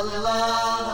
illallah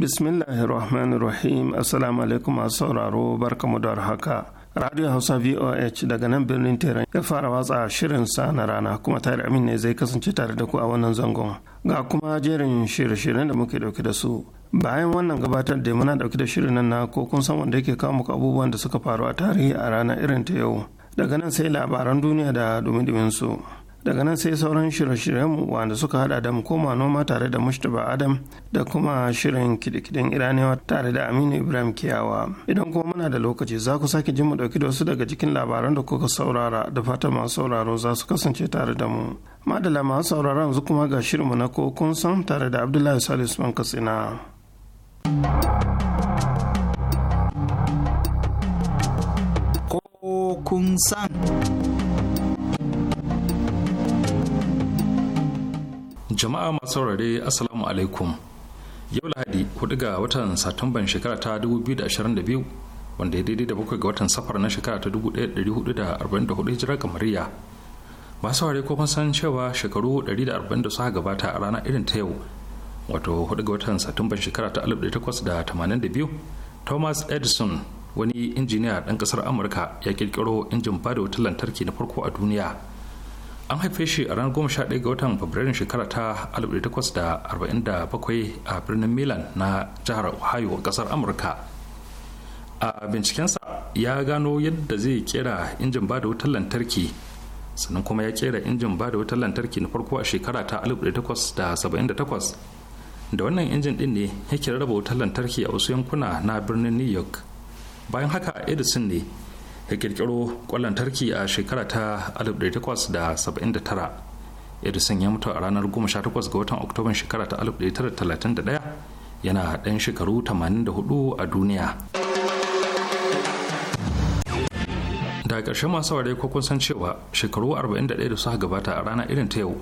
Bismillahirrahmanirrahim. Assalamu alaikum masu sauraro barkamu da haka. Radio Hausa VOH daga nan birnin Teran ya fara watsa shirin sa na rana kuma tare amin ne zai kasance tare da ku a wannan zangon. Ga kuma jerin shirye-shiryen da muke dauke da su. Bayan wannan gabatar da muna dauke da shirin nan na ko kun san wanda yake kawo muku abubuwan da suka faru a tarihi a rana irin ta yau. Daga nan sai labaran duniya da dumi-dumin su. daga nan sai sauran shirye wa wanda suka hada da mu koma noma tare da mushtaba adam da kuma shirin kidikidin iraniyawa tare da aminu ibrahim kiyawa idan kuma muna da lokaci za ku sake jin mu dauki da wasu daga cikin labaran da kuka saurara da fata masu sauraro za su kasance tare da mu madala masu sauraro yanzu kuma ga shirinmu na ko san tare da abdullahi salisu man katsina ko kun san jama'a masu saurare assalamu alaikum yau lahadi 4 ga watan satumban shekara ta 2022 wanda ya daidai da bakwai ga watan safar na shekara ta 1444 hijira kamariya masu saurare kuma san cewa shekaru 140 da suka gabata a rana irin ta yau wato 4 ga watan satumban shekara ta 1882 thomas edison wani injiniya ɗan ƙasar amurka ya ƙirƙiro injin bada wutar lantarki na farko a duniya an haife shi a ranar 11 ga watan fabrairun shekara ta 1847 a birnin milan na jihar ohio ƙasar amurka a bincikensa ya gano yadda zai kera injin bada wutar lantarki sannan kuma ya kera injin bada wutar lantarki na farko a shekara ta 1878 da wannan injin din ne yake rarraba wutar lantarki a wasu yankuna na birnin new york bayan haka edison ne ya kirkiro kwallon lantarki a shekara ta 1879 edison ya mutu a ranar 18 ga watan oktoban shekara ta 1931 yana ɗan shekaru 84 a duniya da ƙarshe masu ware ko kun san cewa shekaru 41 da suka gabata a rana irin ta yau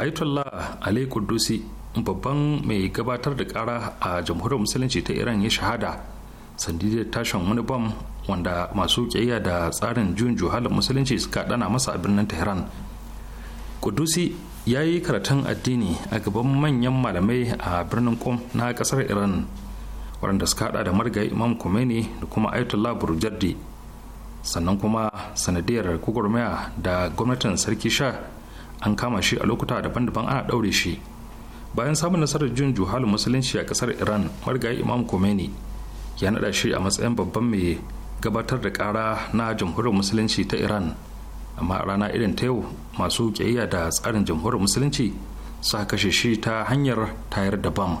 ayatollah ali kudusi babban mai gabatar da kara a jamhuriyar musulunci ta iran ya shahada sandidiyar tashin wani bam wanda masu kiyaya da tsarin juyin juhalin musulunci suka dana masa a birnin tehran kudusi ya yi karatun addini a gaban manyan malamai a birnin kom na kasar iran waɗanda suka hada da margayi imam khomeini da kuma ayatollah burjardi sannan kuma sanadiyar gwagwarmaya da gwamnatin sarki sha an kama shi a lokuta daban-daban ana ɗaure shi bayan samun nasarar jin juhalin musulunci a kasar iran margayi imam khomeini ya naɗa shi a matsayin babban mai gabatar da ƙara na jamhuriyar musulunci ta iran amma a rana irin ta yau masu ƙiyayya da tsarin jamhuriyar musulunci sa kashe shi ta hanyar tayar da bam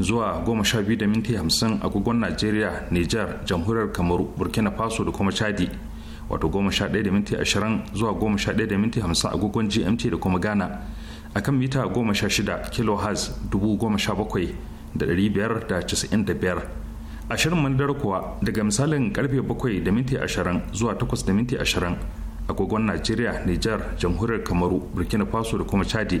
zuwa goma sha biyu da agogon najeriya niger jamhuriyar kamaru burkina faso da kuma chadi wato goma sha da minti ashirin zuwa goma sha ɗaya agogon gmt da kuma ghana akan mita goma sha shida kilohertz dubu goma sha bakwai da da da biyar ashirin manadar kuwa daga misalin karfe bakwai da minti ashirin zuwa takwas da minti agogon najeriya niger jamhuriyar kamaru burkina faso da kuma chadi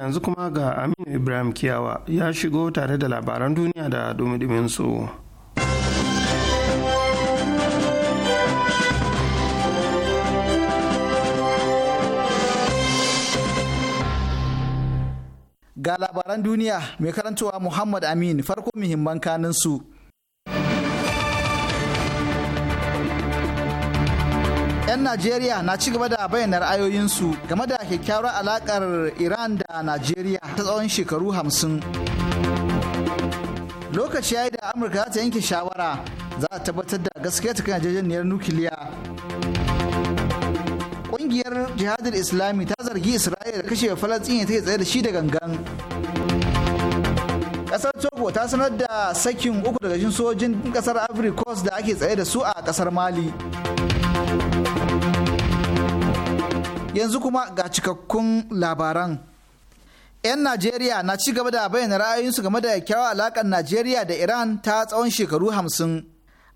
yanzu kuma ga Aminu Ibrahim Kiyawa ya shigo tare da labaran duniya da dumi su. Ga labaran duniya mai karantowa Muhammad Amin farko muhimman kanin su. 'yan najeriya na ci gaba da bayyana ra'ayoyinsu game da kyakkyawar alakar iran da najeriya ta tsawon shekaru hamsin lokaci ya yi da amurka za ta yanke shawara za a tabbatar da gaskiya ta kan yarjejeniyar nukiliya ƙungiyar jihadar islami ta zargi isra'ila da kashe falastini ta tsaye da shi da gangan Ƙasar togo ta sanar da sakin uku daga jin sojin kasar ivory coast da ake tsaye da su a ƙasar mali yanzu kuma ga cikakkun labaran 'yan najeriya na ci gaba da bayyana ra'ayinsu game da kyawar alakar najeriya da iran ta tsawon shekaru hamsin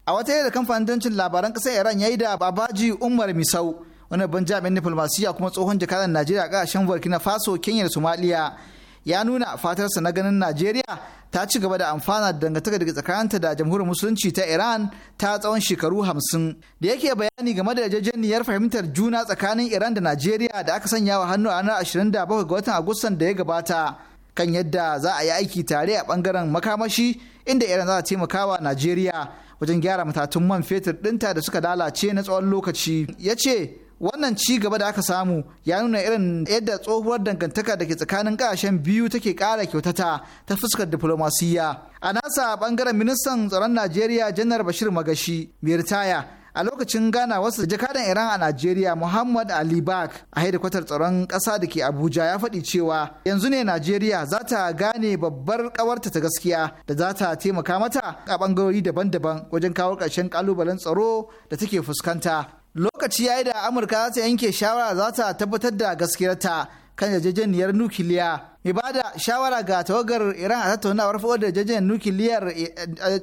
a wata yadda kamfanin dancin labaran ƙasar iran ya yi da babaji umar misau wani ban jami'in diflomasiya kuma tsohon jakadan najeriya ƙasashen burkina faso kenya da somaliya ya nuna fatarsa na ganin najeriya ta ci gaba da amfana da dangantaka daga tsakaninta da jamhuriyar musulunci ta iran ta tsawon shekaru hamsin da yake bayani game da yarjejeniyar fahimtar juna tsakanin iran da najeriya da aka sanya wa hannu a ranar 27 ga watan agustan da ya gabata kan yadda za a yi aiki tare a bangaren makamashi inda iran za ta taimaka wa najeriya wajen gyara matatun man fetur ɗinta da suka lalace na tsawon lokaci ya ce wannan ci gaba da aka samu ya nuna irin yadda tsohuwar dangantaka da ke tsakanin kasashen biyu take kara kyautata ta fuskar diflomasiyya a nasa bangaren ministan tsaron najeriya janar bashir magashi mai ritaya a lokacin gana wasu jakadan iran a najeriya muhammad ali bak a hedikwatar tsaron ƙasa da ke abuja ya faɗi cewa yanzu ne najeriya za ta gane babbar ƙawarta ta gaskiya da za ta taimaka mata a ɓangarori daban-daban wajen kawo ƙarshen ƙalubalen tsaro da take fuskanta lokaci ya yi da amurka za ta yanke shawara za ta tabbatar da gaskiyarta kan yarjejeniyar nukiliya mai ba da shawara ga tawagar iran a tattaunawar fa'o da eh,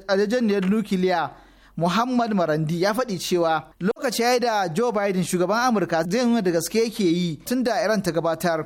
yarjejeniyar nukiliya muhammad marandi ya faɗi cewa lokaci ya yi da joe biden shugaban amurka zai nuna da gaske yake yi tun da iran ta gabatar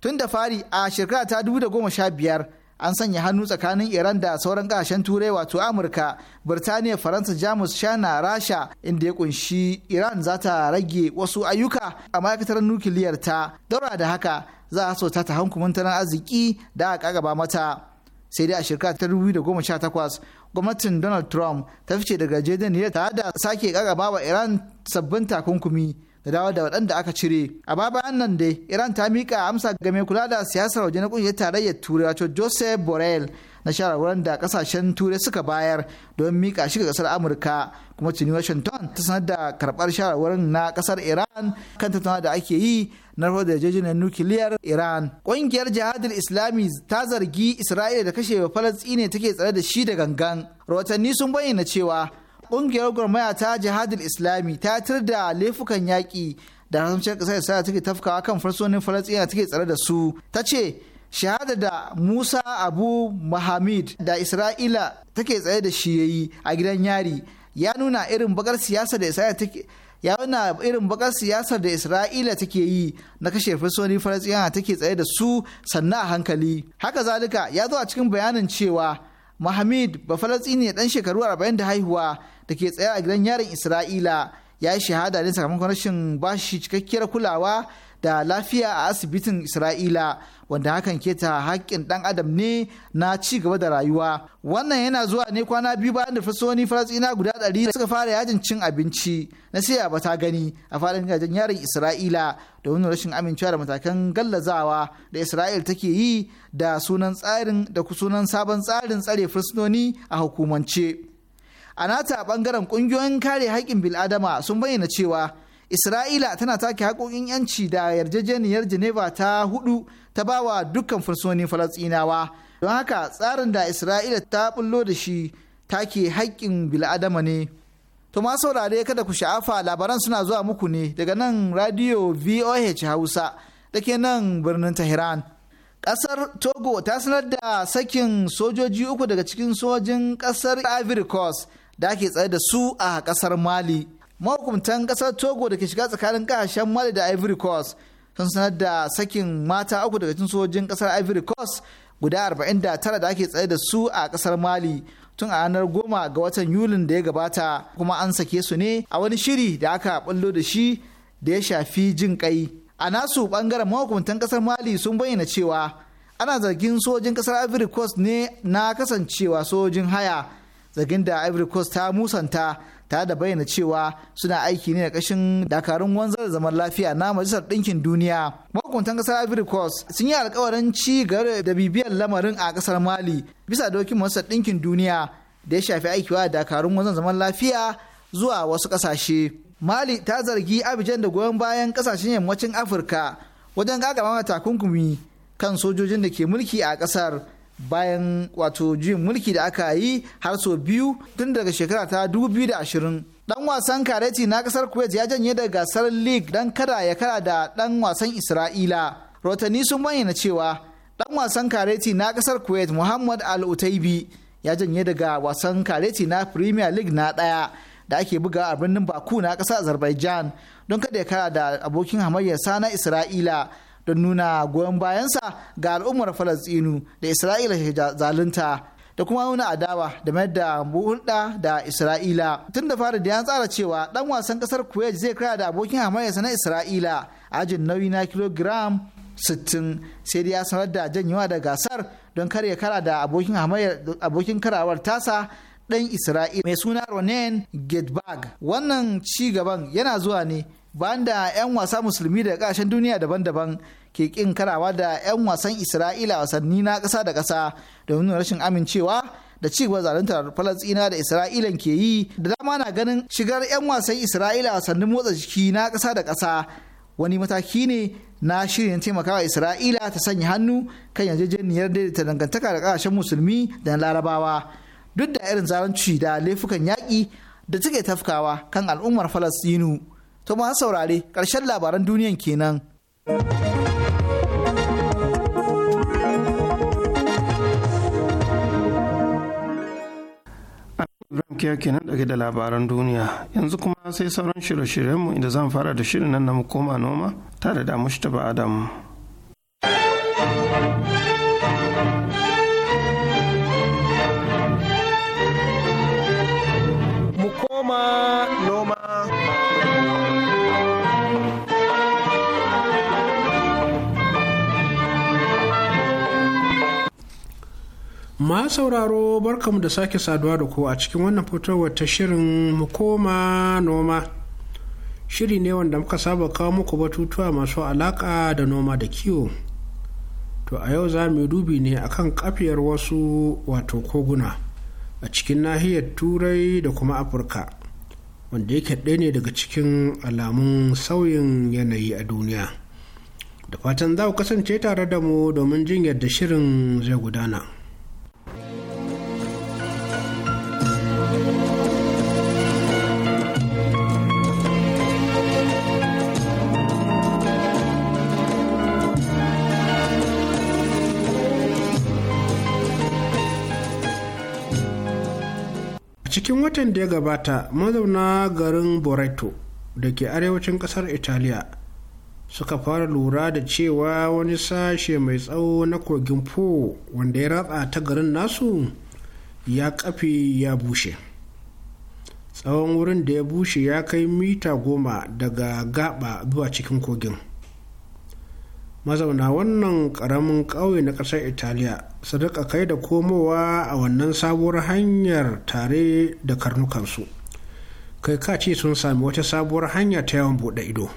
tun da fari a shekara ta 2015 an sanya hannu tsakanin iran da sauran kasashen turai wato amurka birtaniya faransa jamus shana rasha inda ya kunshi iran za ta rage wasu ayyuka a ma'aikatar nukiliyar ta daura da haka za a so ta hankumin tattalin arziki da aka gaba mata sai dai a shirka ta da 2018 gwamnatin donald trump ta fice daga jejeniyar ta da sake kagaba wa iran sabbin takunkumi da dawo da waɗanda aka cire a babayan nan dai iran ta miƙa amsa ga mai kula da siyasar waje na ƙungiyar tarayyar turai wato joseph borrell na shawarwarin da kasashen turai suka bayar don mika shiga kasar amurka kuma tuni washington ta sanar da karbar shawarwarin na kasar iran kan tattauna da ake yi na da yarjejeniyar nukiliyar iran ƙungiyar jihadar islami ta zargi isra'ila da kashe falastini take tsare da shi da gangan rahotanni sun bayyana cewa ƙungiyar gwamnati ta jihadul islami ta tar da laifukan yaƙi da haramcin ƙasar isra'ila take tafkawa kan fursunonin falastina take tsare da su ta ce shahada da musa abu mahamid da isra'ila take tsaye da shi yayi a gidan yari ya nuna irin bakar siyasar da isra'ila take ya nuna irin bakar siyasar da isra'ila take yi na kashe fursunonin falastina take tsaye da su sannan a hankali haka zalika ya zo a cikin bayanin cewa mahamid ba ne dan shekaru 40 da haihuwa da ke tsaye a gidan yarin isra'ila ya yi shahada ne sakamakon rashin bashi cikakkiyar kulawa da lafiya a asibitin isra'ila wanda hakan keta haƙƙin ɗan adam ne na ci gaba da rayuwa wannan yana zuwa ne kwana biyu bayan da fasoni falasina guda ɗari suka fara yajin cin abinci na sai ba ta gani a faɗin gidajen yarin isra'ila domin rashin amincewa da matakan gallazawa da isra'il take yi da sunan tsarin da sunan sabon tsarin tsare fursunoni a hukumance a nata bangaren kungiyoyin kare haƙƙin bil'adama sun bayyana cewa isra'ila tana take haƙoƙin yanci da yarjejeniyar geneva ta hudu ta ba wa dukkan fursunonin falasɗinawa don haka tsarin da isra'ila ta bullo da shi take haƙƙin bil'adama ne to ma saurare kada ku sha'afa labaran suna zuwa muku ne daga nan radio voh hausa da ke nan birnin tehran kasar togo ta sanar da sakin sojoji uku daga cikin sojin kasar ivory coast da ake tsaye da su a kasar mali mahukuntan kasar togo da ke shiga tsakanin kasashen mali da ivory coast sun sanar da sakin mata uku daga cikin sojojin kasar ivory coast guda arba'in da tara da ake tsaye da su a kasar mali tun a ranar goma ga watan yulin da ya gabata kuma an sake su ne a wani shiri da aka bullo da shi da ya shafi jin kai a nasu bangaren mahukuntan kasar mali sun bayyana cewa ana zargin sojojin kasar ivory coast ne na kasancewa sojojin haya zagin da ivory coast ta musanta ta da bayyana cewa suna aiki ne a kashin dakarun wanzar da zaman lafiya na majalisar ɗinkin duniya mahukuntan ƙasar ivory coast sun yi alkawarin ci gare da bibiyar lamarin a ƙasar mali bisa dokin majalisar ɗinkin duniya da ya shafi aikiwa da dakarun wanzar zaman lafiya zuwa wasu ƙasashe mali ta zargi abijan da goyon bayan ƙasashen yammacin afirka wajen gagama takunkumi kan sojojin da ke mulki a ƙasar bayan wato juyin mulki da aka yi har sau biyu tun daga shekara ta 2020 dan wasan kareti na kasar kuwait ya janye daga gasar league dan kada ya kara da dan wasan isra'ila rotani sun bayyana cewa dan wasan kareti na kasar kuwait muhammad al utaibi ya janye daga wasan kareti na premier league na ɗaya da ake buga a birnin baku na kasar azerbaijan don kada ya kara da abokin hamayyarsa na isra'ila don nuna goyon bayansa ga al'ummar falastinu da isra'ila ke zalunta da kuma nuna adawa da mayar da hulɗa da Isra'ila. Tun da fara da ya tsara cewa ɗan wasan ƙasar Kuwait zai kira da abokin hamayyarsa na Isra'ila ajin nauyi na kilogiram 60 sai dai ya sanar da janyewa da gasar don kar ya kara da abokin karawar tasa ɗan Isra'ila mai suna Ronen Gedbag. Wannan ci gaban yana zuwa ne banda 'yan wasa musulmi daga kasashen duniya daban-daban ke kin karawa da 'yan wasan isra'ila wasanni na kasa da ƙasa domin rashin amincewa da ci gaba zaluntar falastina da isra'ila ke yi da dama na ganin shigar 'yan wasan isra'ila wasannin motsa jiki na kasa da kasa wani mataki ne na shirin taimakawa isra'ila ta sanya hannu kan yarjejeniyar daidaita dangantaka da kasashen musulmi da larabawa duk da irin zalunci da laifukan yaƙi da suke tafkawa kan al'ummar falastinu To ma saurare ƙarshen labaran duniyan kenan. Ibrahim ke kenan ɗage da labaran duniya yanzu kuma sai sauran shirye-shiryenmu inda zan fara da shirin nan na koma noma tare da mushtaba adamu ma sauraro barkamu da sake saduwa da ku a cikin wannan fitowar ta shirin mu koma noma shiri ne wanda muka saba kawo muku batutuwa masu alaka da noma da kiwo to a yau za mu dubi ne akan kafiyar wasu wato koguna a cikin nahiyar turai da kuma afirka wanda yake ɗaya ne daga cikin alamun sauyin yanayi a duniya da fatan za ku kasance tare da mu domin jin yadda shirin zai gudana. cikin watan da ya gabata mazauna garin boreto da ke arewacin kasar italiya suka fara lura da cewa wani sashe mai tsawo na kogin po wanda ya ratsa ta garin nasu ya kafe ya bushe tsawon wurin da ya bushe ya kai mita goma daga gaba zuwa cikin kogin mazauna wannan ƙaramin ƙauye na ƙasar italiya sadaka kai da komowa a wannan sabuwar hanyar tare da karnukansu kai kaci sun sami wata sabuwar hanya ta yawan buɗe ido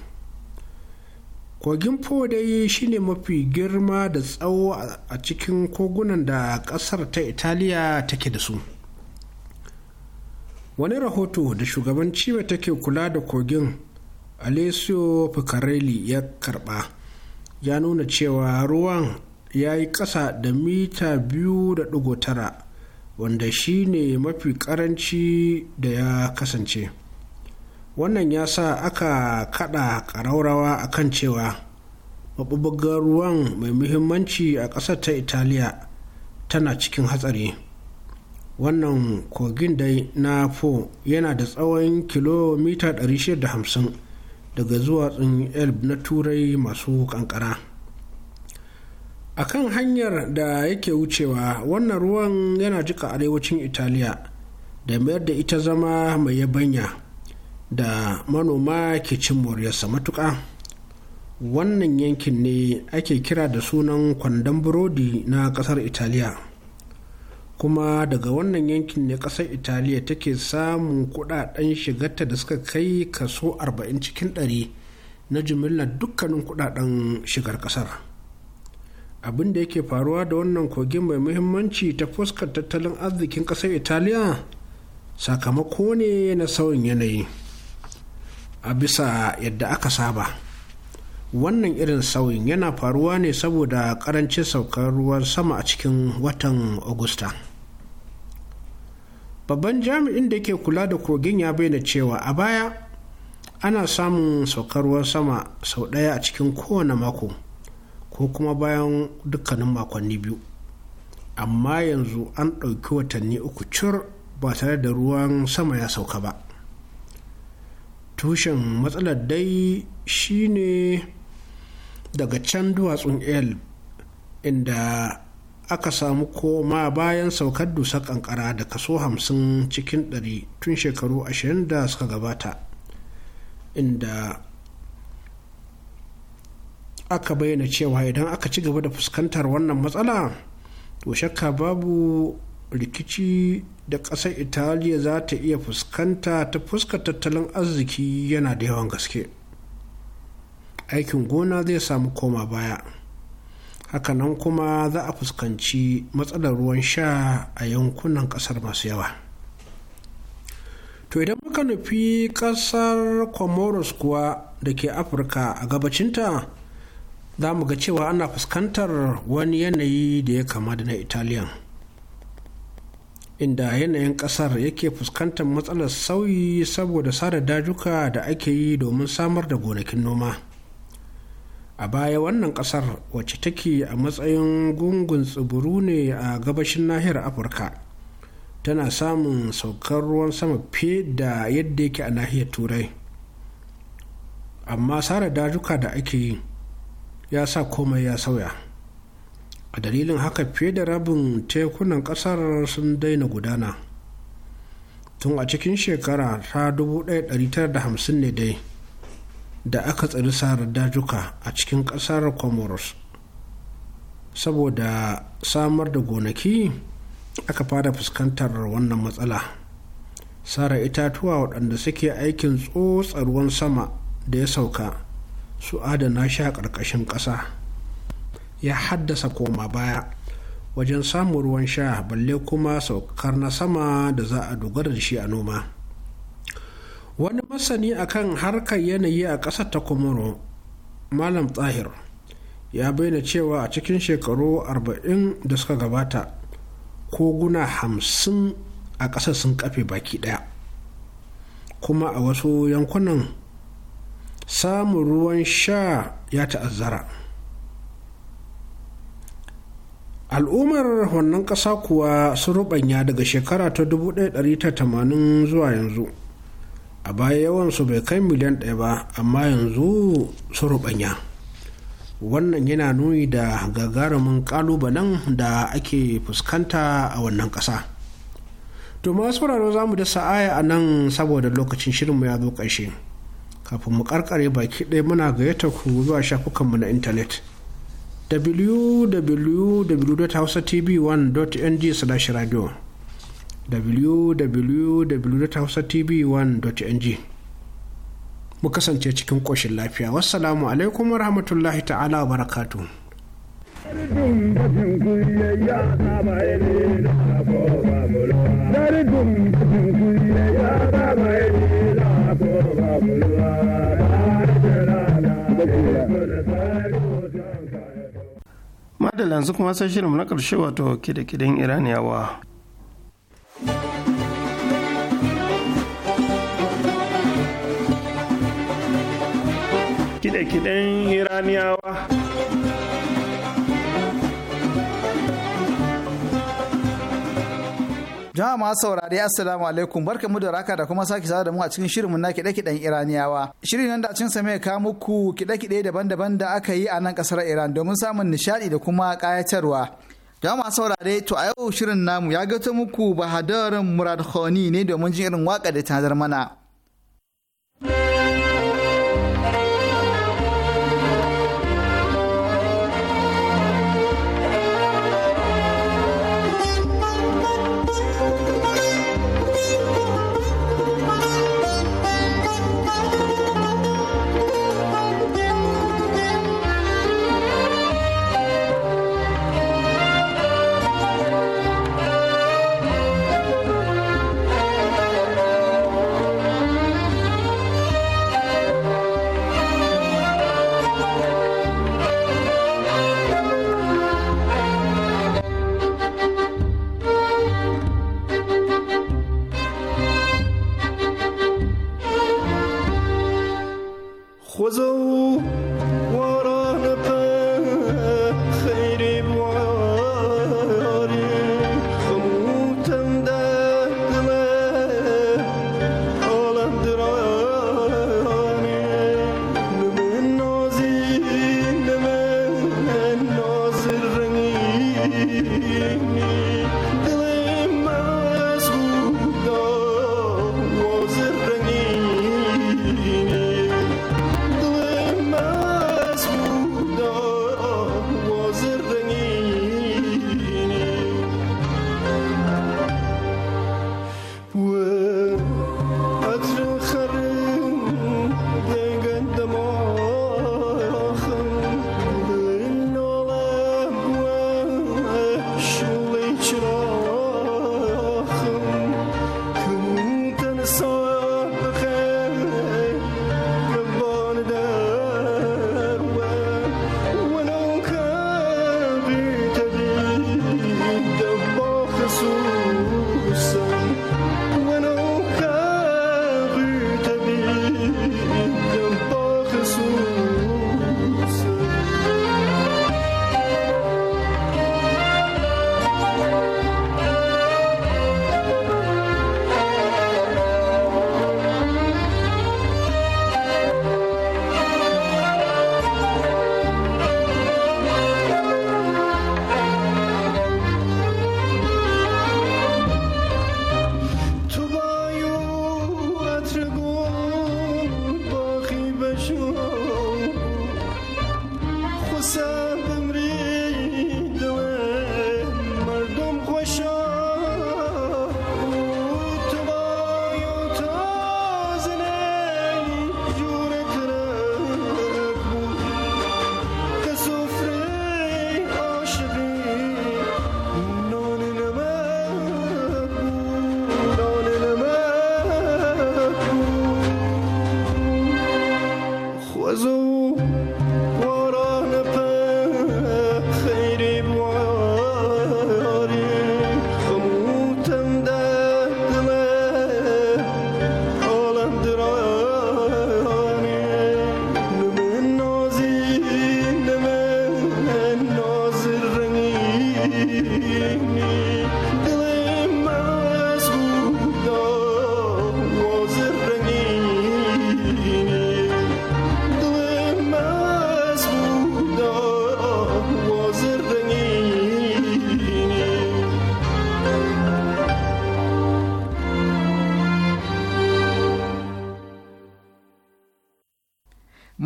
kogin po dai shine mafi girma da tsawo a cikin kogunan da ƙasar ta italiya take da su wani rahoto da shugaban ciwo take kula da kogin alessio picarelli ya karba ya nuna cewa ruwan ya yi ƙasa da mita 2.9 wanda shi ne mafi ƙaranci da ya kasance wannan ya sa aka kaɗa ƙaraurawa kan cewa maɓuɓɓugar ruwan mai muhimmanci a ƙasar ta italiya tana cikin hatsari wannan kogin dai na po yana da tsawon kilomita 650 daga zuwa zuwatsun elb na turai masu kankara a kan hanyar da yake wucewa wannan ruwan yana jika arewacin italiya da mayar da ita zama mai yabanya da manoma ke cin moriyarsa matuka. wannan yankin ne ake kira da sunan kwandon burodi na kasar italiya kuma daga wannan yankin ne kasar italiya take samun kudaden shigarta da suka kai kaso 40 cikin 100 na jimillar dukkanin kudaden shigar kasar abin da yake faruwa da wannan kogi mai muhimmanci ta fuskar tattalin arzikin kasar italiya sakamako ne na sauyin yanayi a bisa yadda aka saba wannan irin sauyin yana faruwa ne saboda karancin saukar ruwan sama a cikin watan agusta. babban jami'in da ke kula da kogin ya bayyana cewa a baya ana samun saukar ruwan sama sau ɗaya a cikin kowane mako ko kuma bayan dukkanin makonni biyu amma yanzu an ɗauki watanni uku cur ba tare da ruwan sama ya sauka ba tushen matsalar dai shine daga can duwatsun el inda aka samu koma bayan saukar dusar kankara da kaso 50 cikin 100 tun shekaru 20 da suka gabata inda aka bayyana cewa idan aka ci gaba da fuskantar wannan matsala to shakka babu rikici da ƙasar italiya za ta iya fuskanta ta fuska tattalin arziki yana da yawan gaske aikin gona zai samu koma baya hakanan kuma za a fuskanci matsalar ruwan sha a yankunan kasar masu yawa to idan muka nufi kasar comoros kuwa da ke afirka a gabacinta za mu ga cewa ana fuskantar wani yanayi da ya kama da na italiyan inda yanayin kasar yake fuskantar matsalar sauyi saboda sada dajuka da ake yi domin samar da gonakin noma. a baya wannan kasar wacce take a matsayin gungun tsibiru ne a gabashin nahiyar afirka tana samun saukar ruwan sama fiye da yadda yake a nahiyar turai amma sare dajuka da ake yi ya sa komai ya sauya a dalilin haka fiye da rabin tekunan kasar sun daina gudana tun a cikin shekara ta 1950 ne dai da aka tsari tsara dajuka a cikin ƙasar comoros saboda samar da gonaki aka fara fuskantar wannan matsala sara itatuwa waɗanda suke aikin tsotsar ruwan sama da ya sauka su adana shi a ƙarƙashin ƙasa ya haddasa koma baya wajen samun ruwan sha balle kuma saukar na sama da za a dogara da shi a noma. wani masani a kan harkar yanayi a ƙasar ta komoro malam tsahir ya bayyana cewa a cikin shekaru 40 da suka gabata koguna hamsin a ƙasar sun kafe baki ɗaya kuma a wasu yankunan samun ruwan sha ya ta'azzara al'ummar wannan ƙasa kuwa sun rubanya daga shekara ta 1980 zuwa yanzu a baya yawan su bai kai miliyan ɗaya ba amma yanzu su rubanya wannan yana nuni da gagarumin ƙalubalen da ake fuskanta a wannan ƙasa to masu sauraro za mu da sa'aya a nan saboda lokacin shirin mu ya zo ƙarshe kafin mu ƙarƙare baki ɗaya muna gayyata ku zuwa shafukanmu na intanet www.hausatv1.ng/radio www.hausatv1.ng mu kasance cikin ƙoshin lafiya wassalamu alaikum rahmatullahi ta'ala wa barakatu madalla yanzu kuma sai shirin na karshe wato kide-kiden iraniyawa kiɗe-kiɗen iraniyawa jama'a masu saurari assalamu alaikum mu da raka da kuma sake sada da mu a cikin shirinmu na kiɗe-kiɗen iraniyawa shirin nan da cin sa mai ka muku kiɗe-kiɗe daban-daban da aka yi a nan ƙasar iran domin samun nishaɗi da kuma kayatarwa. jama'a masu saurare to a yau shirin namu ya gato muku bahadarin murad khani ne domin jin irin waka da ta mana 活着。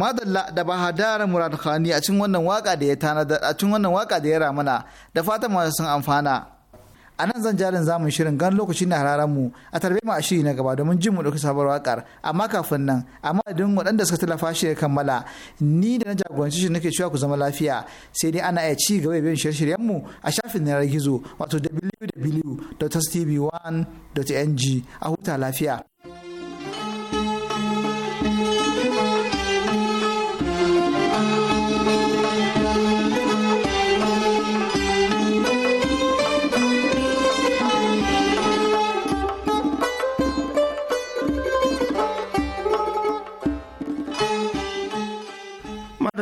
madalla da bahadar murad khani a cikin wannan waka da ya tanada a cikin wannan waka da ya ramana da fatan masu sun amfana a nan zan jarin zamun shirin gan lokacin na hararen mu a tarbe mu a shiri na gaba domin jin mu dauki sabuwar wakar amma kafin nan amma idan waɗanda suka tallafa shi ya kammala ni da na jagoranci shi nake cewa ku zama lafiya sai dai ana iya ci gaba bin shirye-shiryen mu a shafin yanar gizo wato www.tv1.ng a huta lafiya.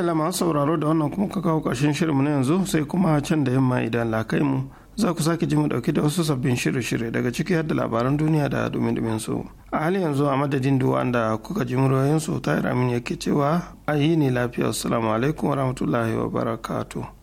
madalla masu sauraro da wannan kuma ka kawo ƙarshen shirinmu na yanzu sai kuma can da yamma idan lakai mu za ku sake ji mu dauki da wasu sabbin shirye-shirye daga ciki har da labaran duniya da dumin su a halin yanzu a madadin duwa da kuka ji muryoyin su tayar amin yake cewa ayi ne lafiya assalamu alaikum warahmatullahi wabarakatuh